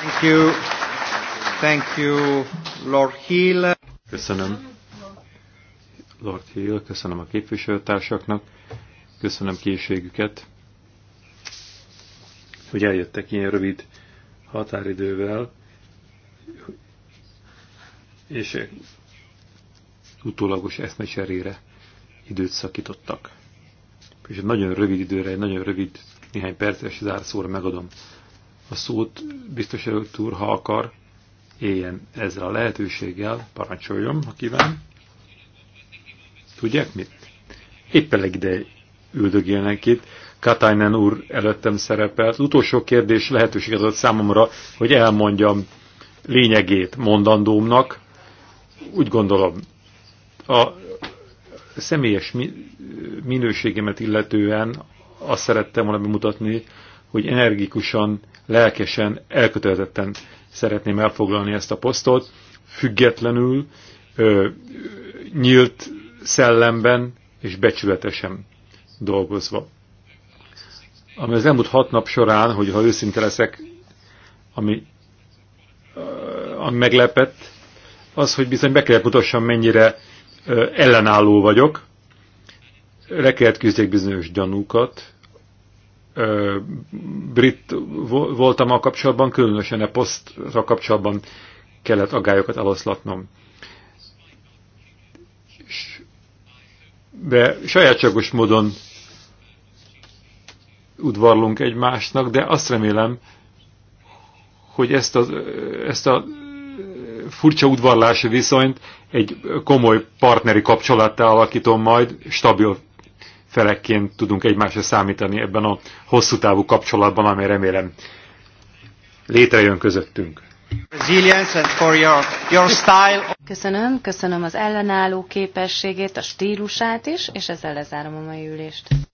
Thank you. Thank you, Lord Hill. Köszönöm. Lord Hill, köszönöm a képviselőtársaknak, köszönöm készségüket, hogy eljöttek ilyen rövid határidővel, és utólagos eszmecserére időt szakítottak. És egy nagyon rövid időre, egy nagyon rövid, néhány perces zárszóra megadom a szót biztos előtt úr, ha akar, éljen ezzel a lehetőséggel, parancsoljon, ha kíván. Tudják mit? Éppen ide üldögélnek itt. Katainen úr előttem szerepelt. Az utolsó kérdés lehetőséget adott számomra, hogy elmondjam lényegét mondandómnak. Úgy gondolom, a személyes minőségemet illetően azt szerettem volna bemutatni, hogy energikusan, lelkesen, elkötelezetten szeretném elfoglalni ezt a posztot, függetlenül, ö, nyílt szellemben és becsületesen dolgozva. Ami az elmúlt hat nap során, hogy ha őszinte leszek, ami, ami meglepett, az, hogy bizony be kellett mutassam, mennyire ellenálló vagyok, le kellett küzdjek bizonyos gyanúkat, ö, brit voltam a kapcsolatban, különösen a posztra kapcsolatban kellett agályokat eloszlatnom. De sajátságos módon udvarlunk egymásnak, de azt remélem, hogy ezt a, ezt a furcsa udvarlási viszonyt egy komoly partneri kapcsolattá alakítom majd stabil felekként tudunk egymásra számítani ebben a hosszú távú kapcsolatban, amely remélem létrejön közöttünk. Köszönöm, köszönöm az ellenálló képességét, a stílusát is, és ezzel lezárom a mai ülést.